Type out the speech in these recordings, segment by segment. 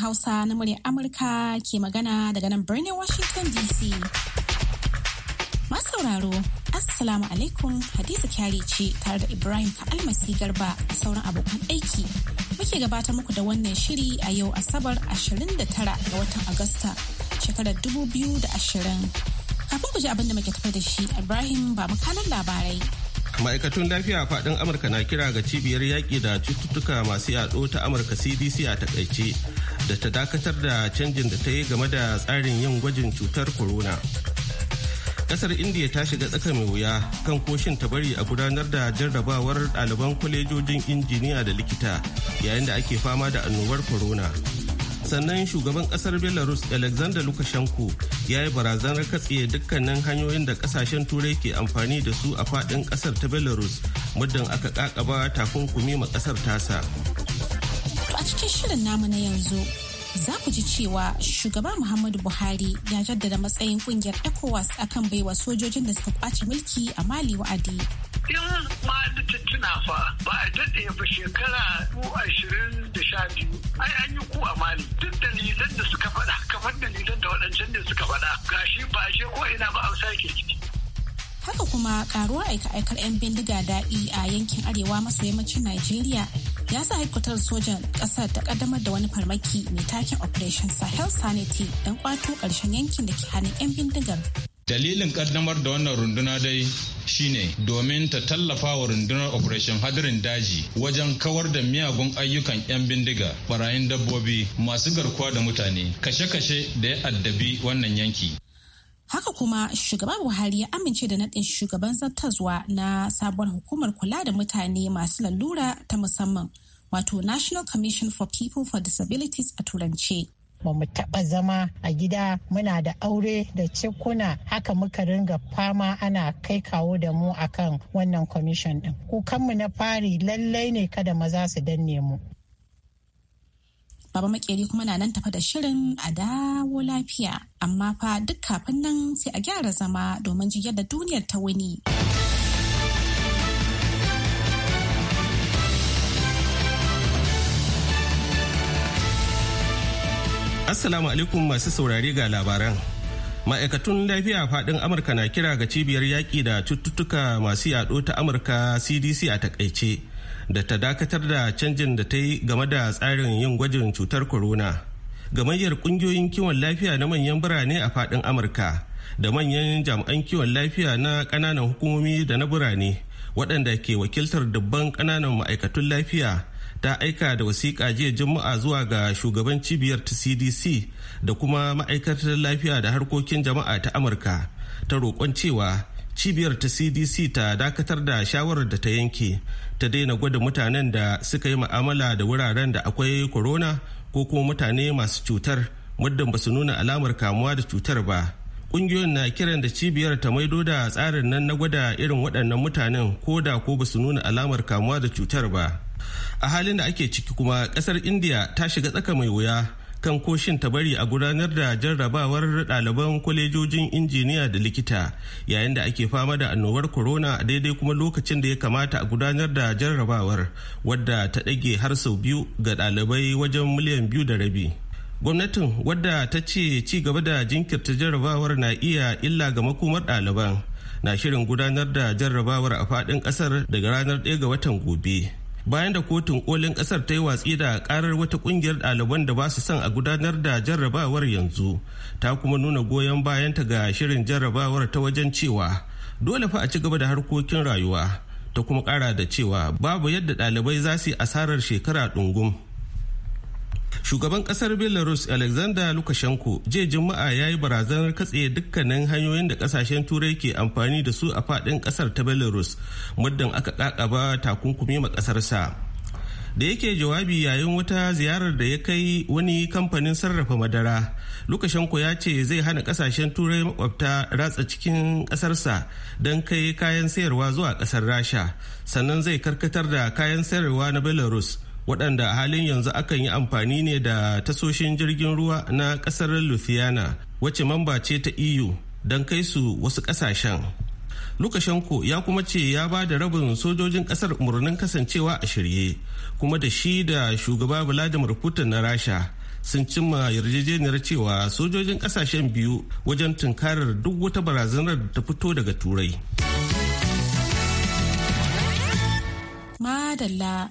Hausa na murya Amurka ke magana daga nan birnin Washington DC. masu sauraro Assalamu alaikum Hadiza Kyari ce tare da Ibrahim Almasi Garba a sauran abokan aiki. Muke gabatar muku da wannan shiri a yau Asabar 29 ga watan Agusta shekarar 2020. kafin ku ji abin da muke tafi da shi ibrahim ba makanan labarai ma'aikatun lafiya faɗin amurka na kira ga cibiyar yaƙi da cututtuka masu yaɗo ta amurka cdc a takaice da ta dakatar da canjin da ta yi game da tsarin yin gwajin cutar corona. Kasar Indiya ta shiga tsaka mai wuya kan koshin ta bari a gudanar da jarrabawar ɗaliban kwalejojin injiniya da likita yayin da ake fama da annobar corona. sannan shugaban kasar belarus alexander lukashenko ya yi barazanar katse dukkanin hanyoyin da kasashen turai ke amfani da su a fadin kasar ta belarus muddin aka kakaba takunkumi ma kasar tasa cikin shirin namu na yanzu za ku ji cewa shugaba Muhammadu Buhari ya jaddada matsayin kungiyar ECOWAS kan baiwa sojojin da suka kwace mulki a Mali wa'adi. In ma da tattuna fa ba a daɗe ba shekara ashirin da sha biyu ai an yi ku a Mali duk dalilan da suka faɗa kamar dalilan da waɗancan da suka faɗa gashi ba a je ko ina ba a sake ciki. haka kuma karuwar aika-aikar 'yan bindiga daɗi a yankin arewa maso yammacin nigeria ya sa haikutar sojan ƙasar ta ƙaddamar da wani farmaki mai takin Operation Sahel Sanity don kwato ƙarshen yankin da ke hannun 'yan bindigar. Dalilin ƙaddamar da wannan runduna dai shine domin ta tallafa wa rundunar operation hadirin daji wajen kawar da miyagun ayyukan 'yan bindiga barayin dabbobi masu garkuwa da mutane kashe-kashe da ya addabi wannan yanki Haka kuma shugaban Buhari ya amince da naɗin shugaban zartaswa na sabon hukumar kula da mutane masu lalura ta musamman wato National Commission for People for Disabilities a Turance. ba mu taɓa zama a gida muna da aure da cikuna haka muka ringa fama ana kai kawo da mu akan wannan commission ɗin. Kukanmu na fari lallai ne kada maza su danne mu. Baba makeri kuma na nan tafa da shirin a dawo lafiya. Amma fa duk kafin nan sai a gyara zama domin ji da duniyar ta wani. Assalamu alaikum masu saurari ga labaran. ma'aikatun lafiya fadin amurka na kira ga cibiyar yaƙi da cututtuka masu yaɗo ta amurka cdc a takaice da ta dakatar da canjin da ta yi game da tsarin yin gwajin cutar corona gamayyar kungiyoyin kiwon lafiya na manyan birane a fadin amurka da manyan jami'an kiwon lafiya na kananan hukumomi da na birane waɗanda ke wakiltar dubban kananan ma'aikatun lafiya ta aika da wasiƙa jiya juma'a zuwa ga shugaban cibiyar ta cdc da kuma ma'aikatar lafiya da harkokin jama'a ta amurka ta roƙon cewa cibiyar ta cdc ta dakatar da shawarar da ta yanke ta daina gwada mutanen da suka yi ma'amala da wuraren da akwai corona ko kuma mutane masu cutar muddin ba su nuna alamar kamuwa da cutar ba ƙungiyoyin na kiran da cibiyar ta maido da tsarin nan na gwada irin waɗannan mutanen ko da ko ba su nuna alamar kamuwa da cutar ba a halin da ake ciki kuma ƙasar india ta shiga tsaka mai wuya kan koshin ta bari a gudanar da jarrabawar ɗaliban kwalejojin injiniya da likita yayin da ake fama da annobar corona a daidai kuma lokacin da ya kamata a gudanar da jarrabawar wadda ta ɗage har sau biyu ga ɗalibai wajen miliyan biyu da rabi. gwamnatin wadda ta ce ci gaba da jinkirta jarrabawar na iya illa ga makomar ɗaliban na shirin gudanar da jarrabawar a faɗin ƙasar daga ranar ɗaya ga watan gobe. bayan da kotun kolin kasar ta yi watsi da karar wata kungiyar ɗaliban da ba su son a gudanar da jarrabawar yanzu ta kuma nuna goyon bayan ta ga shirin jarrabawar ta wajen cewa dole fa a ci gaba da harkokin rayuwa ta kuma kara da cewa babu yadda ɗalibai za su yi asarar shekara ɗungum shugaban kasar belarus alexander lukashenko jiya juma'a ya yi barazanar katse dukkanin hanyoyin da kasashen turai ke amfani da su a fadin kasar ta belarus muddin aka kakaba takunkumi ma kasarsa da yake jawabi yayin wata ziyarar da ya kai wani kamfanin sarrafa madara lukashenko ya ce zai hana kasashen turai makwabta ratsa cikin kasarsa don kai kayan sayarwa zuwa kasar rasha sannan zai karkatar da kayan sayarwa na belarus waɗanda halin yanzu akan yi amfani ne da tasoshin jirgin ruwa na ƙasar Lithuania wacce mamba ce ta EU don kai su wasu ƙasashen. Lukashenko ya kuma ce ya ba da rabin sojojin ƙasar murnin kasancewa a shirye kuma da shi da shugaba Vladimir Putin na Rasha sun cimma yarjejeniyar cewa sojojin ƙasashen biyu wajen tunkarar duk wata barazanar da ta fito daga turai. Madalla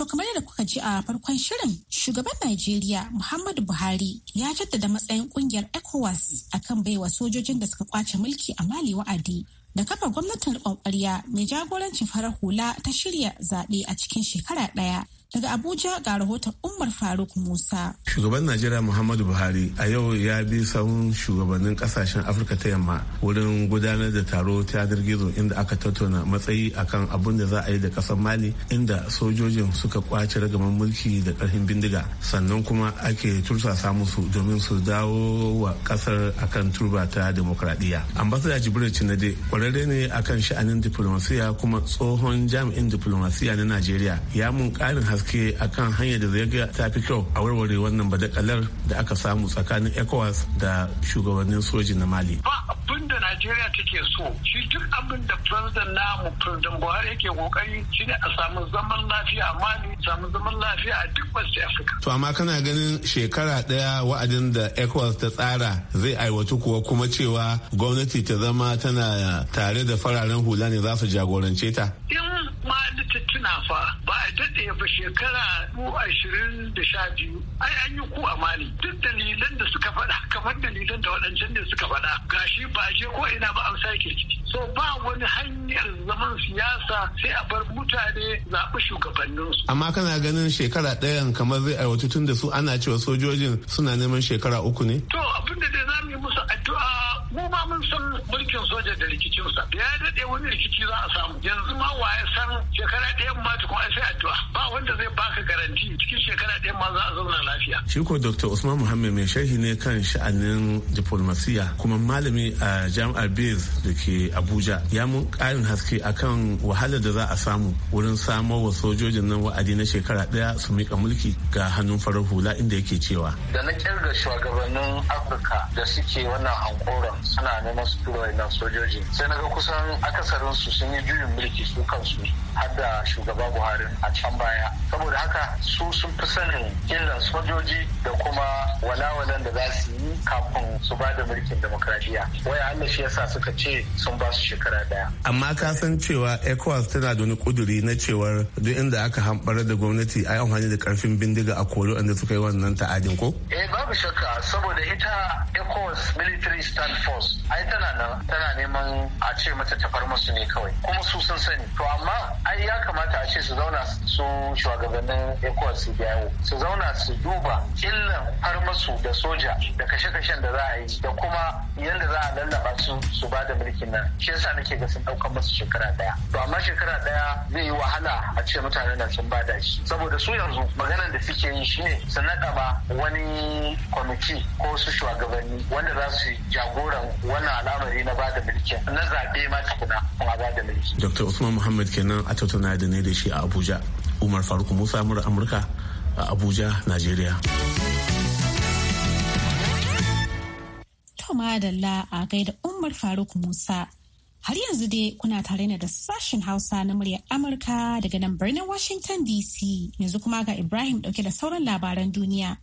To kamar yadda kuka ji a farkon shirin shugaban Najeriya Muhammadu Buhari ya jaddada matsayin kungiyar ECOWAS akan baiwa sojojin da suka kwace mulki a Mali wa'adi da kafa gwamnatin kwakwariya mai jagorancin farar hula ta shirya zaɓe a cikin shekara ɗaya Daga Abuja ga rahoton Umar Faruk Musa. Shugaban Najeriya Muhammadu Buhari a yau ya bi sahun shugabannin kasashen Afirka ta yamma wurin gudanar da taro ta yanar gizo inda aka tattauna matsayi akan abun da za a yi da kasar Mali inda sojojin suka kwace ragaman mulki da karfin bindiga sannan kuma ake tursasa musu domin su dawo wa kasar akan turba ta demokradiyya. Ambasada Jibril Cinade kwararre ne akan sha'anin diplomasiya kuma tsohon jami'in diplomasiya na Najeriya ya mun karin haske akan hanyar da zai ga ta fi kyau a warware wannan badakalar da aka samu tsakanin ECOWAS da shugabannin soji na Mali. Ba abin da Najeriya take so shi duk abin da president namu president Buhari yake kokari shine a samu zaman lafiya a Mali samu zaman lafiya a duk West Africa. To amma kana ganin shekara daya wa'adin da ECOWAS ta tsara zai aiwatu kuwa kuma cewa gwamnati ta zama tana tare da fararen hula ne za su jagorance ta. In ma tuna fa daɗe ba shekara ko ashirin da sha biyu ai an yi ku a mali duk dalilan da suka faɗa kamar dalilan da waɗancan ne suka faɗa gashi ba a je ko ina ba an sake ciki so ba wani hanyar zaman siyasa sai a bar mutane zaɓi shugabanninsu. amma kana ganin shekara ɗayan kamar zai aiwatu tun da su ana cewa sojojin suna neman shekara uku ne. to abinda dai za mu yi musu addu'a mu ma mun san mulkin soja da rikicinsa ya daɗe wani rikici za a samu yanzu ma wa ya san shekara ɗayan ma tukun ai sai addu'a ba wanda zai baka garanti cikin shekara ɗayan ma za a zauna lafiya. shi ko dr usman muhammed mai shahi ne kan sha'anin diplomasiya kuma malami a jami'ar bez da ke abuja ya mun karin haske akan wahalar da za a samu wurin samo wa sojojin nan wa'adi na shekara daya su mika mulki ga hannun farar hula inda yake cewa da na kirga shugabannin afirka da suke wannan hankoron suna mu masu tura na sojoji sai na ga kusan akasarin su sun yi juyin mulki su kansu har da shugaba buhari a can baya saboda haka su sun fi sanin illan sojoji da kuma walawalan da za su yi kafin su ba da mulkin demokradiyya waya allah shi yasa suka ce sun ba su shekara daya amma ka san cewa ecowas tana da wani kuduri na cewar duk inda aka hambar da gwamnati a amfani da karfin bindiga a kolo inda suka yi wannan ta'adin ko eh babu shakka saboda ita ecowas military stand force ai tana nan tana neman a ce mata tafar masu ne kawai kuma su sun sani to amma ai ya kamata a ce su zauna su shugabannin ecowas su yawo su zauna su duba illan har masu da soja da kashe-kashen da za a yi da kuma yadda za a lallaba su su ba da mulkin nan shi yasa nake ga sun daukan masu shekara daya to amma shekara daya zai yi wahala a ce mutanen nan sun bada shi saboda su yanzu maganar da suke yi shine su naɗa ba wani kwamiti ko su shugabanni wanda za su jagoran wannan al'amari na ba da mulkin na zaɓe ma tukuna a da mulki. Dr. Usman Muhammad kenan a tattauna da ne da shi a abuja umar faruk musa mura amurka a abuja nigeria madalla a gaida umar faruk musa har yanzu dai kuna tare na da sashen hausa na muryar amurka daga nan birnin washington dc yanzu kuma ga ibrahim dauke da sauran labaran duniya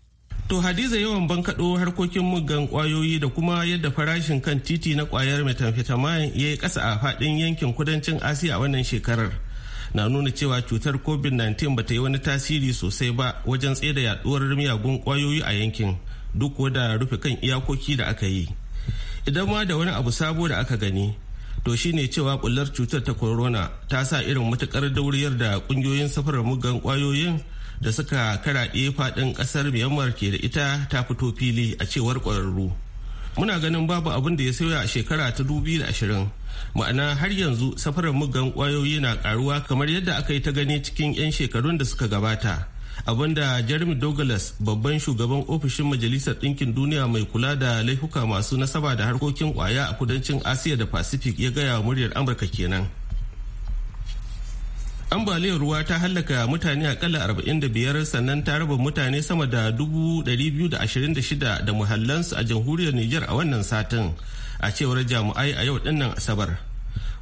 To Hadiza yawan bankaɗo harkokin muggan kwayoyi da kuma yadda farashin kan titi na kwayar methamphetamine ya yi ƙasa a faɗin yankin kudancin Asiya wannan shekarar. na nuna cewa cutar covid-19 ta yi wani tasiri sosai ba wajen tsaida yaduwar miyagun kwayoyi a yankin duk da rufe kan iyakoki da aka yi idan ma da wani abu sabo da aka gani to shine cewa bullar cutar ta corona ta sa irin matukar dauriyar da kungiyoyin safarar mugan kwayoyin da suka karaɗe faɗin ƙasar myanmar ke da ita ta fito fili a cewar ƙwararru. muna ganin babu abin da ya sauya a shekara ta dubi da ashirin ma'ana har yanzu safarar mugan kwayoyi na karuwa kamar yadda aka yi ta gani cikin 'yan shekarun da suka gabata abin da jeremy douglas babban shugaban ofishin majalisar ɗinkin duniya mai kula da laifuka masu nasaba da harkokin kwaya a kudancin asiya da pacific ya gaya muryar amurka kenan ambaliyar ruwa ta hallaka mutane akalla 45 sannan ta raba mutane sama da 226 da muhallansu a jamhuriyar niger a wannan satin a cewar jami'ai a yau dinnan asabar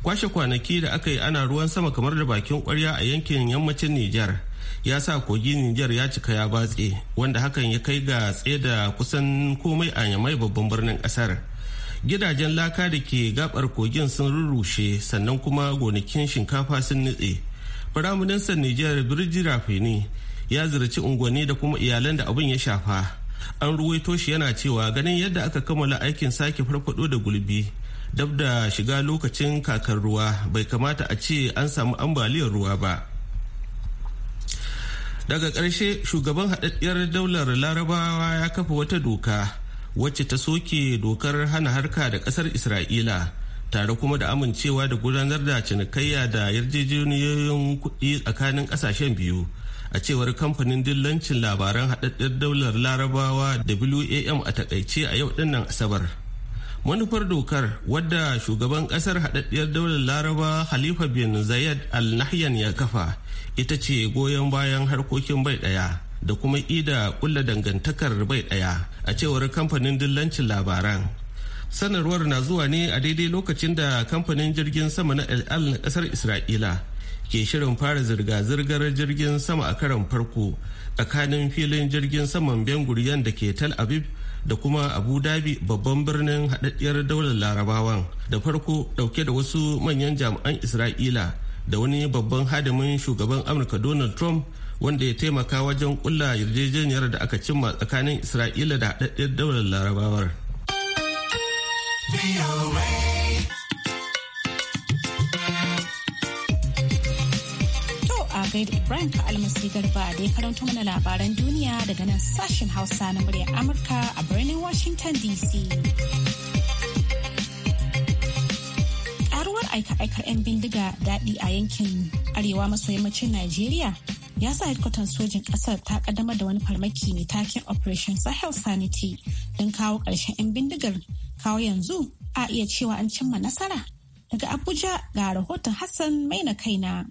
kwashe kwanaki da aka yi ana ruwan sama kamar da bakin kwarya a yankin yammacin niger ya sa kogi niger ya cika ya batse wanda hakan ya kai ga tsaye da kusan komai a yamai babban birnin kasar gidajen laka da ke gabar kogin sun rurrushe sannan kuma gonakin shinkafa sun nutse Firaministan Nijar Birji Rafini ya ziyarci unguwanni da kuma iyalan da abin ya shafa. An ruwaito shi yana cewa ganin yadda aka kammala aikin sake farfado da gulbi dab da shiga lokacin kakar ruwa bai kamata a ce an samu ambaliyar ruwa ba. Daga ƙarshe shugaban haɗaɗɗiyar daular larabawa ya kafa wata doka wacce ta soke dokar hana harka da ƙasar Isra'ila. tare kuma da amincewa da gudanar da cinikayya da yarjejeniyoyin kuɗi tsakanin ƙasashen biyu a cewar kamfanin dillancin labaran haɗaɗɗiyar daular larabawa wam a takaice a yau nan asabar manufar dokar wadda shugaban ƙasar haɗaɗɗiyar daular laraba halifa bin zayed al nahyan ya kafa ita ce goyon bayan harkokin bai ɗaya da kuma ida kulla dangantakar bai ɗaya a cewar kamfanin dillancin labaran sanarwar na zuwa ne a daidai lokacin da kamfanin jirgin sama na al na kasar isra'ila ke shirin fara zirga-zirgar jirgin sama a karon farko tsakanin filin jirgin saman ben gurion da ke tel aviv da kuma abu dhabi babban birnin haɗaɗɗiyar daular larabawan da farko ɗauke da wasu manyan jami'an isra'ila da wani babban hadimin shugaban amurka donald trump wanda ya taimaka wajen kulla yarjejeniyar da aka cimma tsakanin isra'ila da haɗaɗɗiyar daular larabawar to gaida Ibrahim ka almasi garba da ya karanto mana labaran duniya daga nan sashen Hausa na muryar Amurka a birnin Washington DC. Karuwar aika-aikar 'yan bindiga daɗi a yankin arewa maso yammacin Najeriya ya sa hedkwatan sojin ƙasar ta kaddamar da wani farmaki mai taken Operation Sahel Sanity don kawo ƙarshen 'yan bindigar kawo yanzu a iya cewa an cimma nasara daga abuja ga rahoton hassan mai na kaina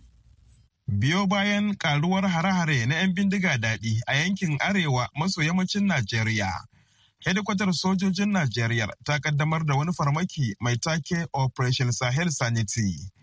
biyo bayan karuwar hare-hare na 'yan bindiga daɗi a yankin arewa maso yammacin najeriya hedikwatar sojojin najeriya ta kaddamar da wani farmaki mai take operation sahel sanity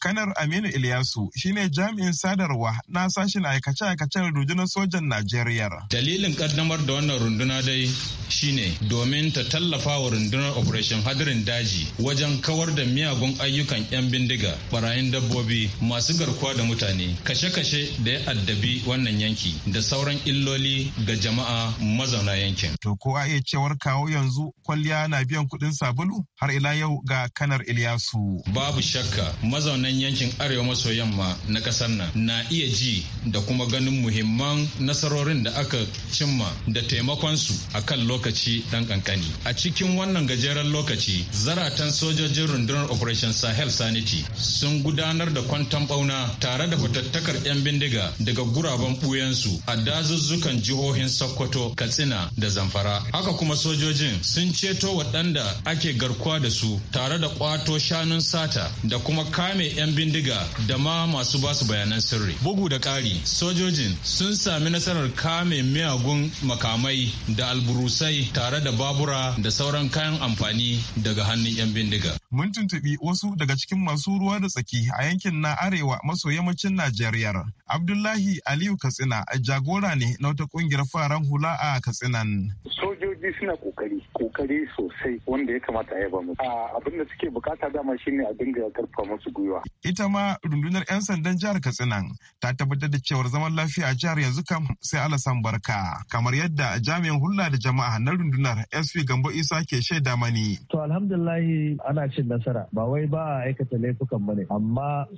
Kanar Aminu Ilyasu shine jami'in sadarwa na sashen aikace-aikacen rundunar sojan Najeriya. Dalilin kaddamar da wannan runduna dai shine domin ta tallafa wa rundunar Operation Hadirin Daji wajen kawar da miyagun ayyukan 'yan bindiga, barayin dabbobi, masu garkuwa da mutane, kashe-kashe da ya addabi wannan yanki da sauran illoli ga jama'a mazauna yankin. To ko a iya cewar kawo yanzu kwalliya na biyan kuɗin sabulu har ila yau ga Kanar Ilyasu. Babu shakka mazauna mutanen yankin arewa maso yamma na kasar nan na iya ji da kuma ganin muhimman nasarorin da aka cimma da taimakonsu a kan lokaci dan kankani A cikin wannan gajeren lokaci, zaratan sojojin rundunar Operation Sahel Sanity sun gudanar da kwantan bauna tare da fitattakar 'yan bindiga daga guraben buyansu a dazuzzukan jihohin Sokoto, Katsina da Zamfara. Haka kuma sojojin sun ceto waɗanda ake garkuwa da su tare da kwato shanun sata da kuma kame 'yan bindiga da ma masu basu bayanan sirri. Bugu da ƙari, sojojin sun sami nasarar kame miyagun makamai da alburusai tare da babura da sauran kayan amfani daga hannun 'yan bindiga. Mun tuntuɓi wasu daga cikin masu ruwa da tsaki a yankin na arewa maso yammacin Najeriya. Abdullahi Aliyu Katsina jagora ne na wata ƙungiyar faran hula a Katsinan. Sojoji dai suna kokari kokari sosai wanda ya kamata a ba musu ah, abin da suke bukata dama shine a dinga karfa musu gwiwa ita ma rundunar yan sandan jihar katsina ta tabbatar da cewar zaman lafiya a jihar yanzu kam sai Allah san barka kamar yadda jami'in hulɗa da jama'a na rundunar sp gambo isa ke shaida mani to alhamdulillahi ana cin nasara ba wai ba a aikata laifukan bane amma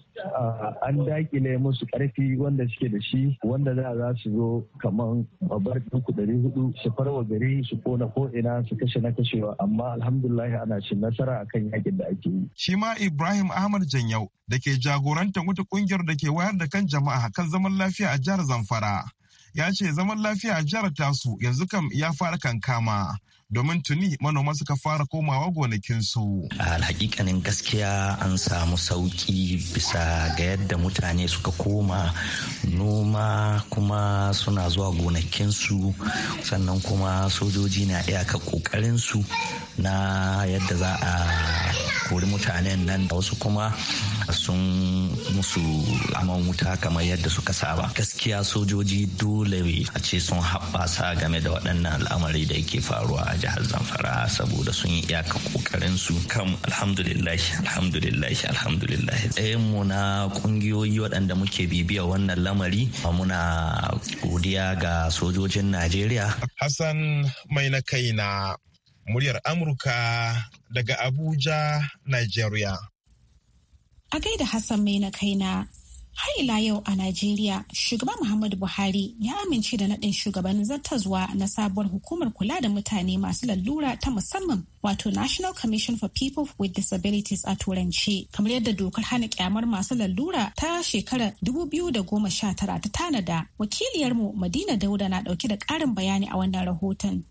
an dakile musu karfi wanda suke da shi wanda za su zo kamar babbar ɗin kuɗari su farwa gari su da ko ina su kashe na kashewa amma alhamdulillah ana cin nasara akan yakin da ake yi. Shi ma Ibrahim Ahmad Janyau da ke jagorantar wata kungiyar da ke wayar da kan jama'a kan zaman lafiya a jihar Zamfara. Ya ce zaman lafiya a jihar tasu yanzu kam ya fara kankama domin tuni manoma suka fara komawa gonakinsu. A hakikanin gaskiya an samu sauki bisa ga yadda mutane suka koma noma kuma suna zuwa gonakinsu sannan kuma sojoji na iyaka kokarinsu na yadda za a kori mutanen nan da wasu kuma sun musu aman wuta kamar yadda suka saba gaskiya sojoji dole a ce sun haɓasa game da waɗannan al'amari da yake faruwa a jihar zamfara saboda sun yi iyaka kokarin su kam alhamdulillah alhamdulillah alhamdulillah tsayin mu na ƙungiyoyi waɗanda muke bibiya wannan lamari muna godiya ga sojojin najeriya hassan mai na kaina muryar amurka daga abuja nigeria A gaida Hassan mai na kaina, har ila yau a Najeriya, shugaba Muhammadu Buhari ya amince da naɗin shugaban zartazuwa na sabuwar hukumar kula da mutane masu lalura ta musamman wato National Commission for People with Disabilities a Turanci. Kamar yadda dokar hana kyamar masu lalura ta shekarar 2019 ta tanada, wakiliyarmu Madina Dauda na ɗauke da ƙarin bayani a wannan rahoton.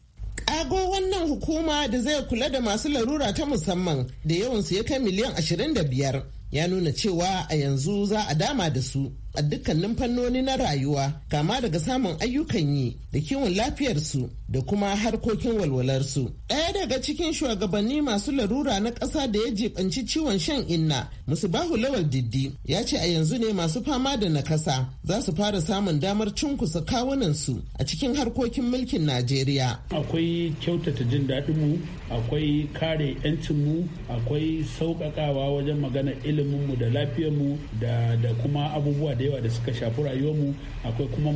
ƙago wannan hukuma da zai kula da masu larura ta musamman da yawansu ya kai miliyan 25 ya nuna cewa a yanzu za a dama da su a dukkanin fannoni na rayuwa kama daga samun ayyukan yi da kiwon lafiyarsu da kuma harkokin walwalarsu. Ɗaya daga cikin shugabanni masu larura na ƙasa da ya jibanci ciwon shan inna musu bahu Lawal Diddi ya ce a yanzu ne masu fama da nakasa za su fara samun damar cunkusa kawunansu a cikin harkokin mulkin Najeriya. Akwai kyautata jin daɗinmu, akwai kare 'yancinmu, akwai sauƙaƙawa wajen magana iliminmu da lafiyarmu da kuma abubuwa da yawa da suka shafi rayuwarmu akwai kuma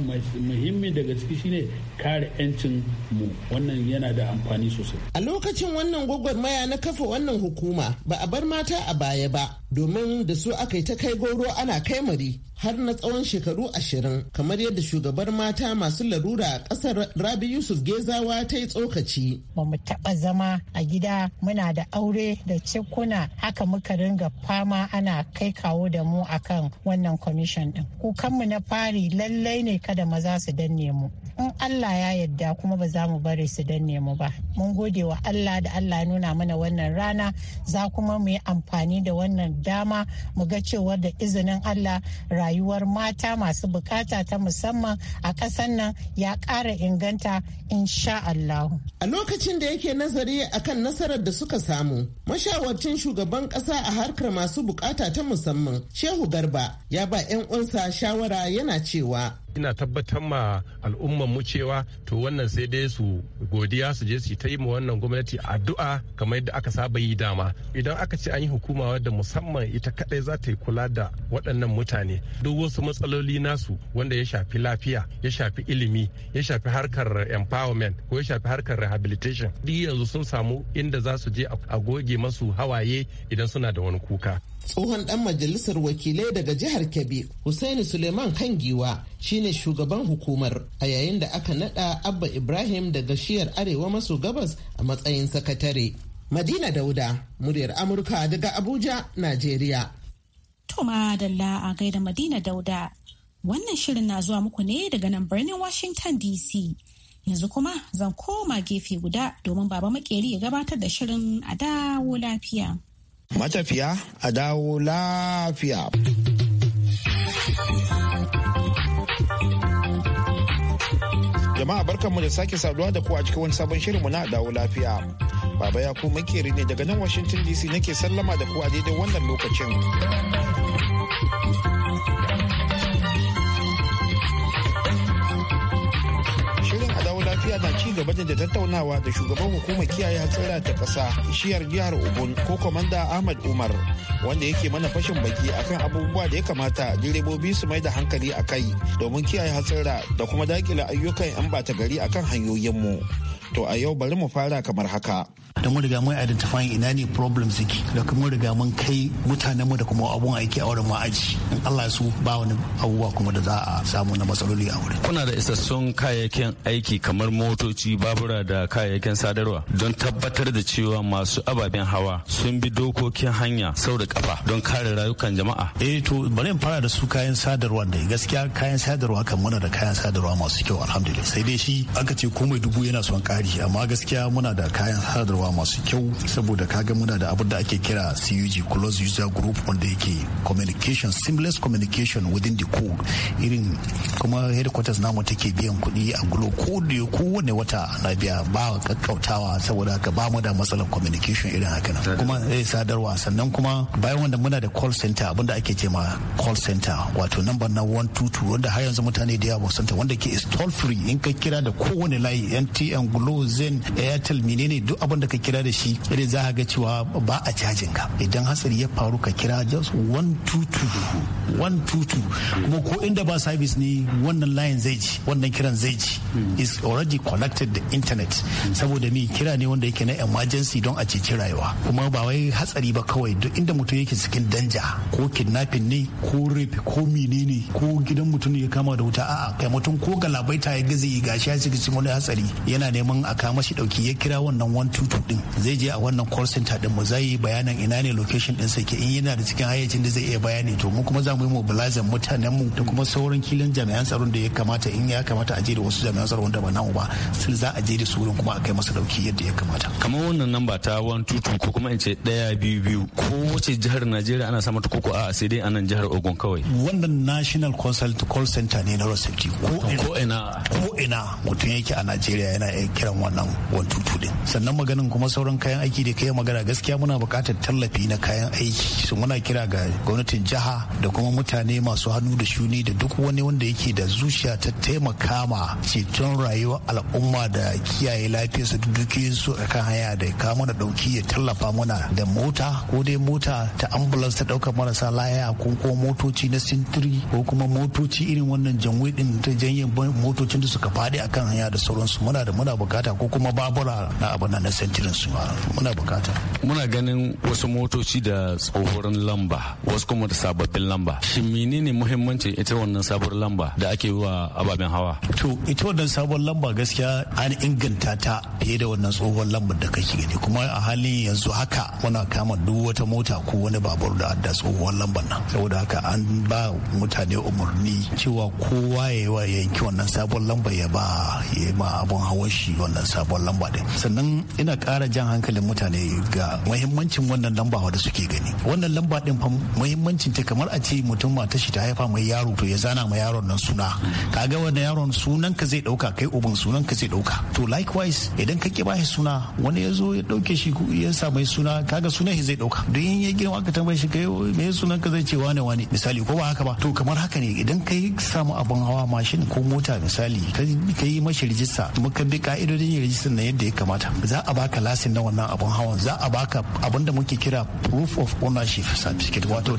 muhimmi daga ciki shine kare 'yancin mu wannan yana da amfani sosai a lokacin wannan gwagwarmaya na kafa wannan hukuma ba a bar mata a baya ba domin da su aka yi ta kai goro ana kai mari har na tsawon shekaru ashirin kamar yadda shugabar mata masu larura a ƙasar rabi yusuf gezawa ta yi tsokaci ba mu taɓa zama a gida muna da aure da cikuna haka muka ringa fama ana kai kawo da mu akan wannan kwamishin din kukanmu na fari lallai ne kada maza su danne mu in allah ya yadda kuma ba za mu bari su danne mu ba mun gode wa allah da allah ya nuna mana wannan rana za kuma mu yi amfani da wannan dama mu ga cewar da izinin allah rayuwar mata masu bukata ta musamman a ƙasan nan ya ƙara inganta insha allahu a lokacin da yake nazari akan nasarar da suka samu mashawarcin shugaban ƙasa a harkar masu bukata ta musamman shehu garba ya ba 'yan kansa shawara yana cewa ina tabbatar ma al'umman mu cewa to wannan sai dai su godiya su je su ta yi ma wannan gwamnati addu'a kamar yadda aka saba yi dama idan aka ce an yi hukuma wadda musamman ita kadai za ta yi kula da waɗannan mutane duk wasu matsaloli nasu wanda ya shafi lafiya ya shafi ilimi ya shafi harkar empowerment ko ya shafi harkar rehabilitation duk yanzu sun samu inda za su je a goge masu hawaye idan suna da wani kuka tsohon dan majalisar wakilai daga jihar kebbi Hussaini suleiman kangiwa shi shine shugaban hukumar a yayin da aka nada abba ibrahim daga shiyar arewa maso gabas a matsayin sakatare madina dauda muryar amurka daga abuja najeriya to a gaida madina dauda wannan shirin na zuwa muku ne daga nan birnin washington dc yanzu kuma zan koma gefe guda domin baba makeri ya gabatar da shirin a dawo lafiya matafiya a dawo lafiya Jama'a barkanmu da sake saduwa da ku a cikin wani sabon shirinmu na dawo lafiya. Baba ya ku makeri ne daga nan Washington DC nake sallama da ku a daidai wannan lokacin. na ci gaba da tattaunawa da shugaban hukumar kiyaye hatsara ta ƙasa shiyar jihar ogun ko kwamanda ahmad umar wanda yake mana fashin baki akan abubuwa da ya kamata direbobi su mai da hankali a kai domin kiyaye hatsara da kuma dakile ayyukan 'yan bata gari akan hanyoyinmu To a yau bari mu fara kamar haka. da mun riga mun identify ina ne problems yake da kuma riga mun kai mutanen mu da kuma abun aiki a wurin ma'aji in Allah su ba wani abubuwa kuma da za a samu na matsaloli a wurin kuna da isassun kayayyakin aiki kamar motoci babura da kayayyakin sadarwa don tabbatar da cewa masu ababen hawa sun bi dokokin hanya sau da kafa don kare rayukan jama'a eh to bari in fara da su kayan sadarwa da gaskiya kayan sadarwa kan muna da kayan sadarwa masu kyau alhamdulillah sai dai shi aka ce komai dubu yana son kayan ƙari amma gaskiya muna da kayan sadarwa masu kyau saboda kaga muna da abu da ake kira CUG close user group wanda yake communication seamless communication within the code irin kuma headquarters namu take biyan kuɗi a gulo ko da kowane wata na biya ba kakkautawa saboda ka ba mu da matsalar communication irin haka nan kuma eh, sadarwa sannan kuma bayan wanda muna da call center abinda ake ce ma call center wato number na 122 wanda har yanzu mutane da yawa wanda ke install free in ka kira da kowane layi ntn glo. zen airtel menene duk abin da ka kira da shi irin za ka ga cewa ba a cajin ka idan hatsari ya faru ka kira just one two kuma ko inda ba service ne wannan layin zai ji wannan kiran zai ji is already connected the internet saboda me kira ne wanda yake na emergency don a ceci rayuwa kuma ba wai hatsari ba kawai duk inda mutum yake cikin danja ko kidnapping ne ko rape ko menene ko gidan mutum ya kama da wuta a'a kai mutum ko galabaita ya gaza gashi ya shiga cikin wani hatsari yana neman a kawo mashi dauki ya kira wannan one two two din zai je a wannan call center din mu zai bayanan ina ne location din sai in yana da cikin hayyacin da zai iya bayani to mu kuma za mu yi mobilizing mutanen mu da kuma sauran kilin jami'an tsaron da ya kamata in ya kamata a je da wasu jami'an tsaron da ba namu ba sai za a je da su wurin kuma a kai masa dauki yadda ya kamata kamar wannan namba ta one two two ko kuma in ce biyu biyu ko wace jihar Najeriya ana samun ko a sai dai anan jihar Ogun kawai wannan national consult call center ne na Rosati ko ina ko ina mutum yake a Najeriya yana kira samu wannan din sannan maganin kuma sauran kayan aiki da kai magana gaskiya muna bukatar tallafi na kayan aiki su muna kira ga gwamnatin jiha da kuma mutane masu hannu da shuni da duk wani wanda yake da zuciya ta taimaka ma ceton rayuwar al'umma da kiyaye lafiyarsu su a kan haya da kama da dauki ya tallafa muna da mota ko dai mota ta ambulance ta ɗaukar marasa laya ko ko motoci na sintiri ko kuma motoci irin wannan janwe din ta janye motocin da suka faɗi akan hanya da sauransu muna da muna bukata ko kuma babura na abin na sentirin su muna bukata muna ganin wasu motoci da tsohon lamba wasu kuma da sababbin lamba shi menene muhimmanci ita wannan sabon lamba da ake yi wa ababen hawa to ita wannan sabon lamba gaskiya an inganta ta fiye da wannan tsohon lambar da kake gani kuma a halin yanzu haka muna kama duk wata mota ko wani babur da da tsohon lambar nan saboda haka an ba mutane umarni cewa kowa ya yanki wannan sabon lamba ya ba ya ma abun hawa shi wannan sabon lamba din sannan ina kara jan hankalin mutane ga muhimmancin wannan lamba wanda suke gani wannan lamba din fa muhimmancin ta kamar a ce mutum ta shi ta haifa mai yaro to ya zana ma yaron nan suna kaga wannan yaron sunan ka zai dauka kai uban sunan ka zai dauka to likewise idan ka ki bashi suna wani ya zo ya dauke shi ya sa mai suna kaga sunan shi zai dauka don in ya girma ka tambaye shi kai me sunan ka zai ce wane wane misali ko ba haka ba to kamar haka ne idan kai samu abin hawa mashin ko mota misali kai yi mashi rijista muka bi ka'ida ƙa'idodin yin rijistar na yadda ya kamata za a baka lasin na wannan abun hawan za a baka abun da muke kira proof of ownership certificate wato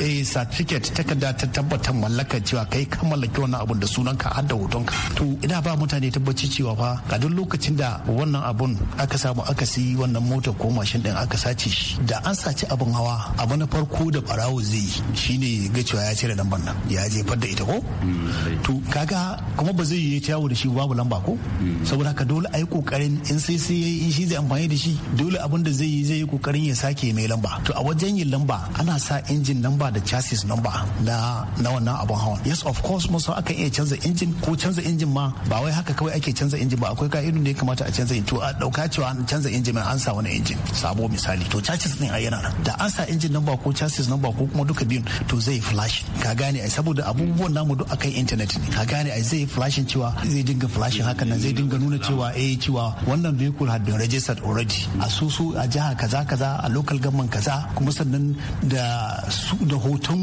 eh certificate takarda ta tabbatar mallakar cewa kai ka mallaki wannan abun da sunanka har da hotonka to ina ba mutane tabbaci cewa fa ga duk lokacin da wannan abun aka samu aka siyi wannan mota ko mashin din aka sace shi da an sace abun hawa abu na farko da barawo zai yi shine ga cewa ya cire lambar nan ya jefar da ita ko mm, to kaga kuma ba zai yi ya tawo da shi babu lamba ko mm. saboda haka dole a yi kokarin in sai sai ya in shi zai amfani da shi dole abin da zai yi zai yi kokarin ya sake mai lamba to a wajen yin lamba ana sa injin lamba da chassis lamba na na wannan abun hawan yes of course musa aka iya canza injin ko canza injin ma ba wai haka kawai ake canza injin ba akwai ka'idun da ya kamata a canza to a dauka cewa an canza injin mai an sa wani injin sabo misali to chassis din a yana da an sa injin lamba ko chassis lamba ko kuma duka biyun to zai flash ka gane ai saboda abubuwan namu duk akan internet ne ka gane ai zai flashin cewa zai dinga flashin hakan nan zai dinga nuna nuna cewa eh cewa wannan vehicle had been registered already a susu a jiha kaza kaza a local government kaza kuma sannan da su da hoton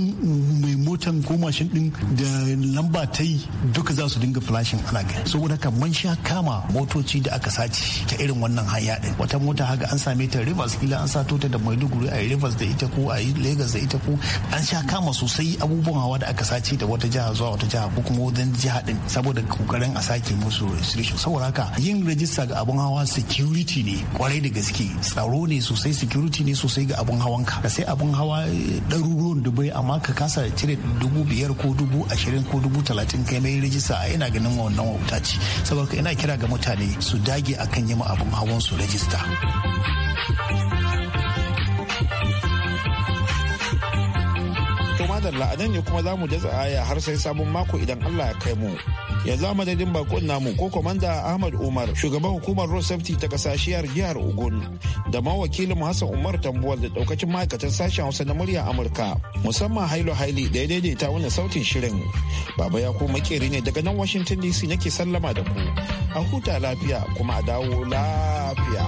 mai motan ko mashin din da lamba ta yi duka za su dinga flashing gani saboda ka man sha kama motoci da aka sace ta irin wannan hanya din wata mota haka an same ta rivers kila an sato ta da maiduguri a rivers da ita ko a lagos da ita ko an sha kama sosai abubuwan hawa da aka sace da wata jiha zuwa wata jiha ko kuma wajen jiha din saboda kokarin a sake musu restriction saboda haka yin rajista ga abun hawa security ne kwarai da gaske tsaro ne sosai security ne sosai ga abun hawan ka sai abun hawa eh, ɗaruruwan dubai amma ka kasa cire dubu biyar ko dubu ashirin ko dubu talatin kai mai rajista a ina ganin wannan wauta ce saboda ina kira ga mutane su dage akan yi ma abun hawan su rajista. madalla la'adan kuma za mu da aya har sai sabon mako idan Allah ya kai mu. Yanzu a madadin bakon namu ko komanda Ahmad Umar shugaban hukumar Road Safety ta kasa jihar Ogun da ma wakilin Hassan Umar Tambuwal da daukacin ma'aikatan sashen Hausa na murya Amurka musamman Hailo Haili da ya daidaita wani sautin shirin. Baba ya ko makeri ne daga nan Washington DC nake sallama da ku. A huta lafiya kuma a dawo lafiya.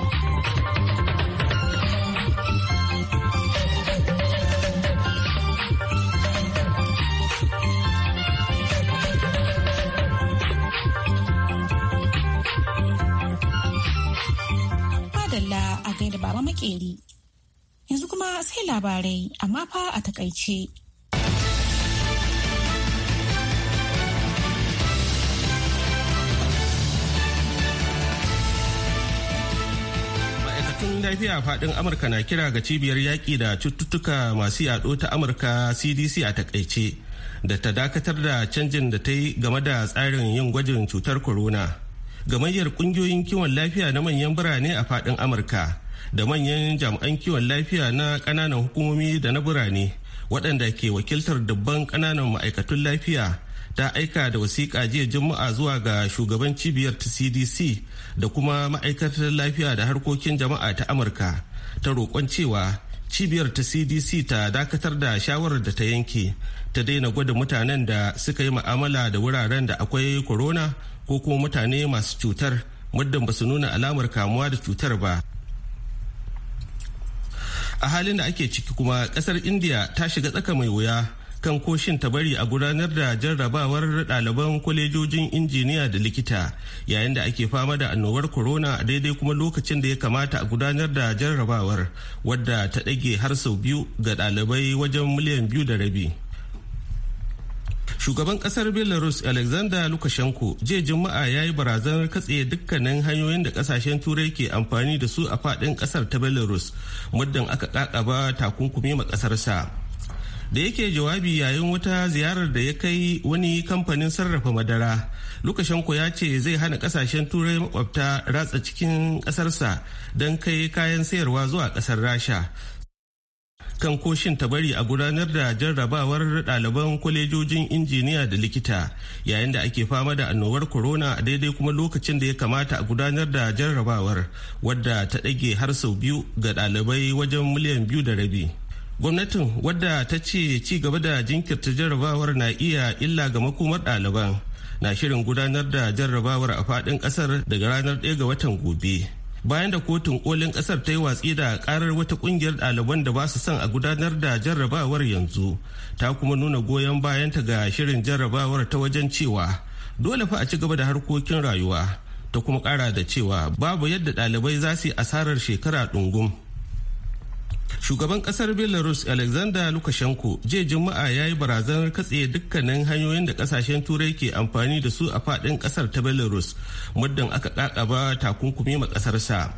gaida baba makeri. Yanzu kuma sai labarai amma fa a takaice. ma'aikatan lafiya faɗin amurka na kira ga cibiyar yaƙi da cututtuka masu yaɗo ta amurka cdc a takaice da ta dakatar da canjin da ta yi game da tsarin yin gwajin cutar corona gamayyar ƙungiyoyin kiwon lafiya na manyan birane a faɗin amurka da manyan jami'an kiwon lafiya na kananan hukumomi da na birane waɗanda ke wakiltar dubban kananan ma'aikatun lafiya ta aika da wasiƙa jiya juma'a zuwa ga shugaban cibiyar ta cdc da kuma ma'aikatar lafiya da harkokin jama'a ta amurka ta roƙon cewa cibiyar ta cdc ta dakatar da shawarar da ta yanke ta daina gwada mutanen da suka yi ma'amala da wuraren da akwai corona ko kuma mutane masu cutar muddin ba su nuna alamar kamuwa da cutar ba a halin da ake ciki kuma kasar india ta shiga tsaka mai wuya kan koshin ta bari a gudanar da jarrabawar ɗaliban kwalejojin injiniya da likita yayin da ake fama da annobar corona a daidai kuma lokacin da ya kamata a gudanar da jarrabawar wadda ta ɗage har sau biyu ga ɗalibai wajen miliyan biyu da rabi. shugaban kasar belarus alexander lukashenko jiya juma'a ya yi barazanar katse dukkanin hanyoyin da kasashen turai ke amfani da su a fadin kasar ta belarus muddin aka kakaba takunkumi ma kasarsa da yake jawabi yayin wata ziyarar da ya kai wani kamfanin sarrafa madara lukashenko ya ce zai hana kasashen turai makwabta ratsa cikin kasarsa don kai kayan sayarwa zuwa kasar rasha kan koshin ta bari a gudanar da jarrabawar ɗaliban kwalejojin injiniya da likita yayin da ake fama da annobar corona a daidai kuma lokacin da ya kamata a gudanar da jarrabawar wadda ta ɗage har sau biyu ga ɗalibai wajen miliyan biyu da rabi gwamnatin wadda ta ce ci gaba da jinkirta jarrabawar na iya illa ga makomar ɗaliban na shirin gudanar da jarrabawar a faɗin ƙasar daga ranar ɗaya ga watan gobe. bayan da kotun kolin kasar ta yi watsi da karar wata kungiyar ɗaliban da ba su son a gudanar da jarrabawar yanzu ta kuma nuna goyon bayan ta ga shirin jarrabawar ta wajen cewa dole fa a ci gaba da harkokin rayuwa ta kuma kara da cewa babu yadda ɗalibai za su yi asarar shekara ɗungum shugaban kasar belarus alexander lukashenko jiya juma'a ya yi barazanar katse dukkanin hanyoyin da kasashen turai ke amfani da su a fadin kasar ta belarus muddin aka kakaba takunkumi ma kasarsa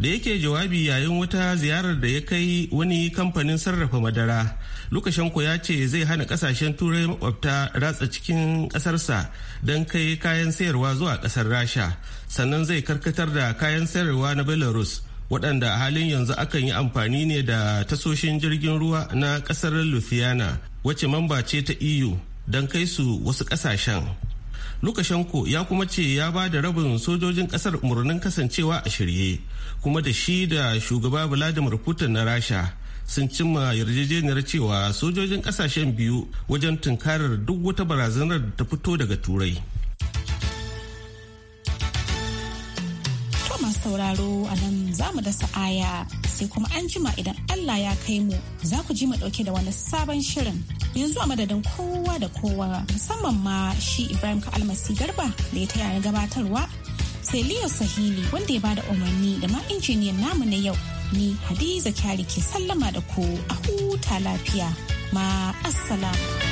da yake jawabi yayin wata ziyarar da ya kai wani kamfanin sarrafa madara lukashenko ya ce zai hana kasashen turai makwabta ratsa cikin kasarsa don kai kayan sayarwa zuwa kasar rasha sannan zai karkatar da kayan sayarwa na belarus waɗanda a halin yanzu akan yi amfani ne da tasoshin jirgin ruwa na ƙasar luthiana wacce mamba ce ta EU don kai su wasu ƙasashen. Lukashenko ya kuma ce ya ba da rabin sojojin ƙasar umarnin kasancewa a shirye kuma da shi da shugaba Vladimir Putin na Rasha sun cimma yarjejeniyar cewa sojojin ƙasashen biyu wajen tunkarar duk wata barazanar da ta fito daga turai. sauraro a nan za mu dasa aya sai kuma an jima idan Allah ya kai mu za ku ji mu ɗauke da wani sabon shirin. Yanzu a madadin kowa da kowa musamman ma shi Ibrahim Almasi Garba da ya taya gabatarwa sai Leo Sahili wanda ya ba da umarni da ma injiniyan namu na yau ni Hadiza Kyari ke sallama da ku a huta lafiya. Ma assalamu.